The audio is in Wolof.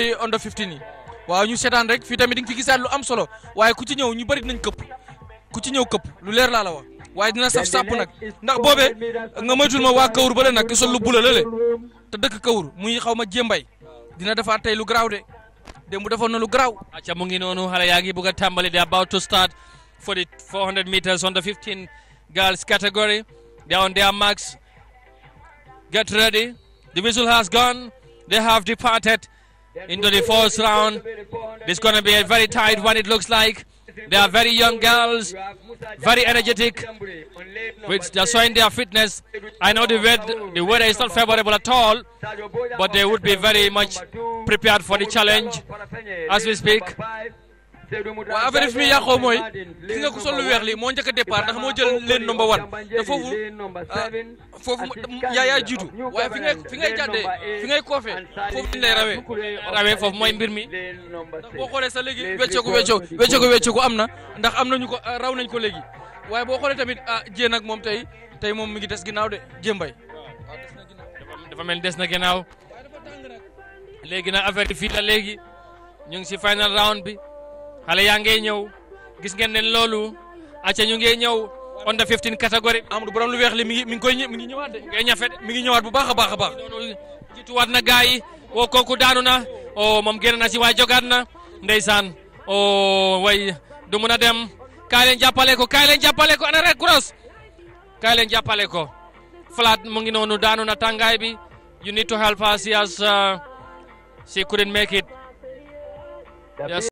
Eh, under 15 yi waaw ñu seetaan rek fii tamit di fi gisaat lu am solo waaye ku ci ñëw ñu bëri dinañ këpp ku ci ñëw këpp lu leer laa la wax waaye dina saf sàpp nag ndax boobee nga moytul ma waa kawur ba la sol lu bula la te dëkk kawur muy xaw jémbay dina defaat tey lu garaaw de démb defoon na lu garaaw acca mu ngi noonu xale yaa bëgg tàmbali they about to start for the 400 meters under 15 girls category they are on their marks get ready the whistle has gone they have departed into the first round. This is going to be a very tight one, it looks like. They are very young girls, very energetic, which they are showing their fitness. I know the weather, the weather is not favorable at all, but they would be very much prepared for the challenge as we speak. waaw affaire bi fi muy yàqoo mooy ki nga ko sol lu weex moo njëkk a départ ndax moo jël leen number one te foofu ah, foofu yaa yaa jiitu waaye fi ngay fi mooy mbir mi ndax boo xoolee sax léegi wecceeku wecceeku wecceeku wecceeku am na ndax am nañu ko raw nañ ko léegi waaye boo xoolee tamit ah jéen ak moom tey tey moom mi ngi des ginnaaw de jéembay dafa mel des na ginnaaw léegi nag affaire bi fii a léegi ñu ngi si final round bi xale ya ngee ñew gis ngeen ne loolu acca ñu ngee ñew on the 15 category amadou borom lu wex li mi ngi mi ngi koy mi ngi ñewat de ngay ñafet mi ngi ñewat bu baaxa baaxa baax a baax na gaay wo oh, koku daanu na o oh, mom génn na ci way jogat na ndeysaan o oh, way du mëna dem kaay leen ko kaay leen ko ana rek gros kaay leen ko flat mo ngi nonu daanu na tangay bi you need to help us as uh, she couldn't make it yes.